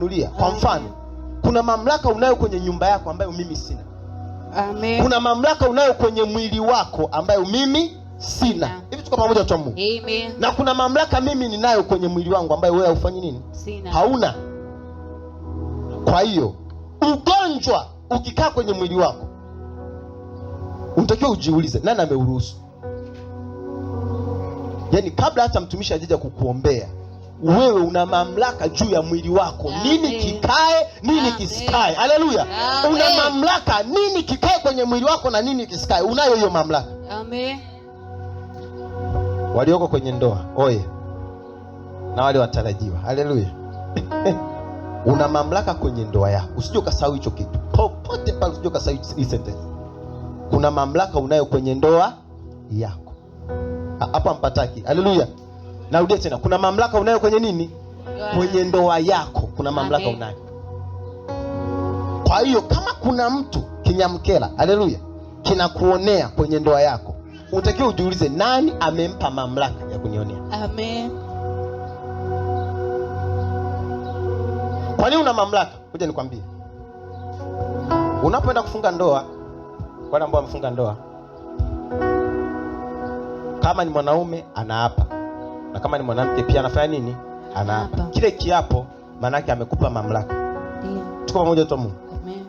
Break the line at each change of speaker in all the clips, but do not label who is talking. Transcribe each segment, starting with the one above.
Nulia. Kwa mfano, kuna mamlaka unayo kwenye nyumba yako ambayo mimi sina. Amen. Kuna mamlaka unayo kwenye mwili wako ambayo mimi sina. Hivi tuko pamoja tu Mungu. Amen. Na kuna mamlaka mimi ninayo kwenye mwili wangu ambayo wewe haufanyi nini? Sina. Hauna. Kwa hiyo ugonjwa ukikaa kwenye mwili wako unatakiwa ujiulize, nani ameuruhusu? Yaani kabla hata mtumishi ajaja kukuombea wewe una mamlaka juu ya mwili wako, nini kikae, nini kisikae. Haleluya! una mamlaka, nini kikae kwenye mwili wako na nini kisikae. Unayo hiyo mamlaka. Amen. Walioko kwenye ndoa oye, na wale watarajiwa. Haleluya! una mamlaka kwenye ndoa yako, usije ukasahau hicho kitu popote pale, usije ukasahau hii sentence. Kuna mamlaka unayo kwenye ndoa yako, hapo ampataki. Haleluya! Narudia tena, kuna mamlaka unayo kwenye nini? Kwenye ndoa yako kuna mamlaka unayo. Kwa hiyo kama kuna mtu kinyamkela, haleluya, kinakuonea kwenye ndoa yako, utakiwa ujiulize, nani amempa mamlaka ya kunionea? Amen. Kwa nini una mamlaka? Ngoja nikwambie, unapoenda kufunga ndoa, wale ambao wamefunga ndoa, kama ni mwanaume anaapa na kama ni mwanamke pia anafanya nini? Anaapa kile kiapo, maanake amekupa mamlaka. Tuko pamoja tu Mungu. Amen.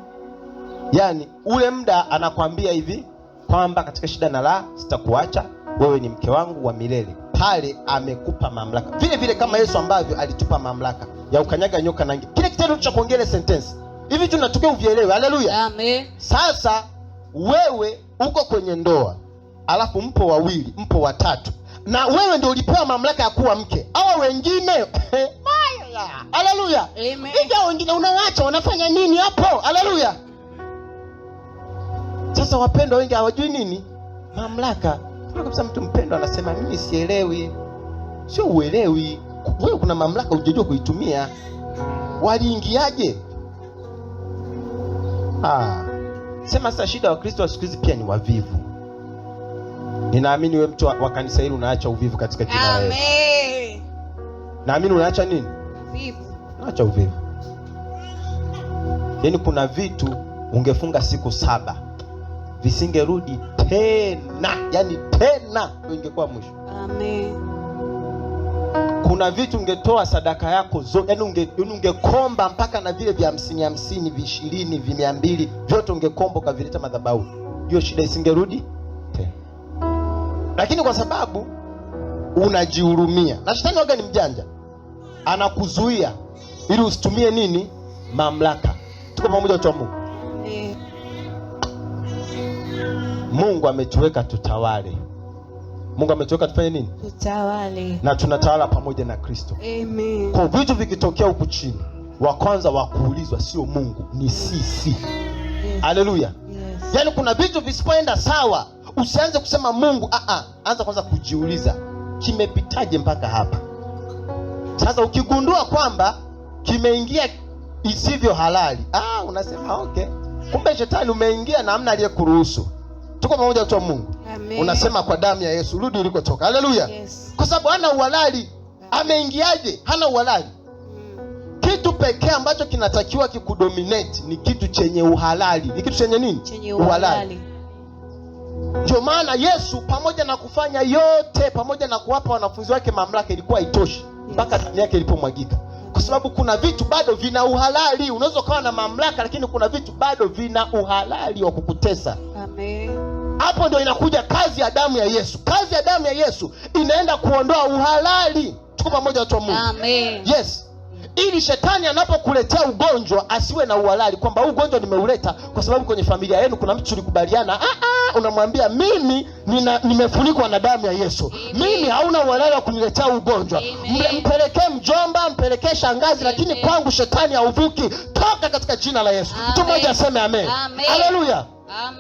Yaani ule muda anakwambia hivi kwamba katika shida na la sitakuacha wewe ni mke wangu wa milele. Pale amekupa mamlaka vile vile kama Yesu ambavyo alitupa mamlaka ya ukanyaga nyoka na nge. Kile kitendo cha kuongea ile sentence hivi tu natoke uvielewe. Haleluya, amen. Sasa wewe uko kwenye ndoa, alafu mpo wawili, mpo watatu na wewe ndio ulipewa mamlaka ya kuwa mke. Hawa wengine haleluya, hivyo wengine unawacha wanafanya nini hapo? Haleluya. Sasa wapendwa wengi hawajui nini mamlaka. Kabisa mtu mpendwa anasema mimi sielewi. Sio uelewi wewe, kuna mamlaka hujajua kuitumia. Waliingiaje? Ah, sema sasa, shida wa Kristo wa siku hizi pia ni wavivu. Ninaamini wewe mtu wa kanisa hili unaacha uvivu katika jina
la Yesu. Amen.
Naamini unaacha nini? Uvivu. Unaacha uvivu. Yaani kuna vitu ungefunga siku saba visingerudi tena, yaani tena ndio ingekuwa mwisho. Amen. Kuna vitu ungetoa sadaka yako zote, yaani unge, yaani ungekomba mpaka na vile vya hamsini hamsini, vishirini, vimia mbili vyote ungekomba ukavileta madhabahu, hiyo shida isingerudi lakini kwa sababu unajihurumia, na shetani waga ni mjanja, anakuzuia ili usitumie nini, mamlaka. Tuko pamoja, watu wa Mungu. Mungu ametuweka tutawale. Mungu ametuweka tufanye nini?
Tutawale.
Na tunatawala pamoja na Kristo.
Amen.
Kwa vitu vikitokea huku chini, wa kwanza wa kuulizwa sio Mungu, ni sisi. Haleluya. Yes. Yes. Yaani kuna vitu visipoenda sawa Usianze kusema Mungu a ah, a, ah. anza kwanza kujiuliza kimepitaje mpaka hapa. Sasa ukigundua kwamba kimeingia isivyo halali, ah, unasema okay, kumbe shetani umeingia na amna aliyekuruhusu. Tuko pamoja kwa Mungu. Amen. Unasema kwa damu ya Yesu rudi ulikotoka. Haleluya. Yes. Kwa sababu hana uhalali. Ameingiaje? Hana uhalali. Mm. Kitu pekee ambacho kinatakiwa kikudominate ni kitu chenye uhalali. Ni kitu chenye nini?
Chenye uhalali.
Ndio maana Yesu pamoja na kufanya yote, pamoja na kuwapa wanafunzi wake mamlaka, ilikuwa haitoshi mpaka damu yake ilipomwagika, kwa sababu kuna vitu bado vina uhalali. Unaweza ukawa na mamlaka, lakini kuna vitu bado vina uhalali wa kukutesa. Amen. Hapo ndio inakuja kazi ya damu ya Yesu. Kazi ya damu ya Yesu inaenda kuondoa uhalali. Tuko pamoja, watu wa Mungu? Amen. Yes, ili shetani anapokuletea ugonjwa asiwe na uhalali kwamba huu ugonjwa nimeuleta kwa sababu kwenye familia yenu kuna mtu tulikubaliana. ah -ah unamwambia mimi nimefunikwa na damu ya Yesu Amen. Mimi hauna uhalali wa kuniletea ugonjwa. Mpelekee mjomba, mpelekee shangazi, lakini kwangu shetani hauvuki. Toka katika jina la Yesu. Mtu mmoja aseme amen, amen.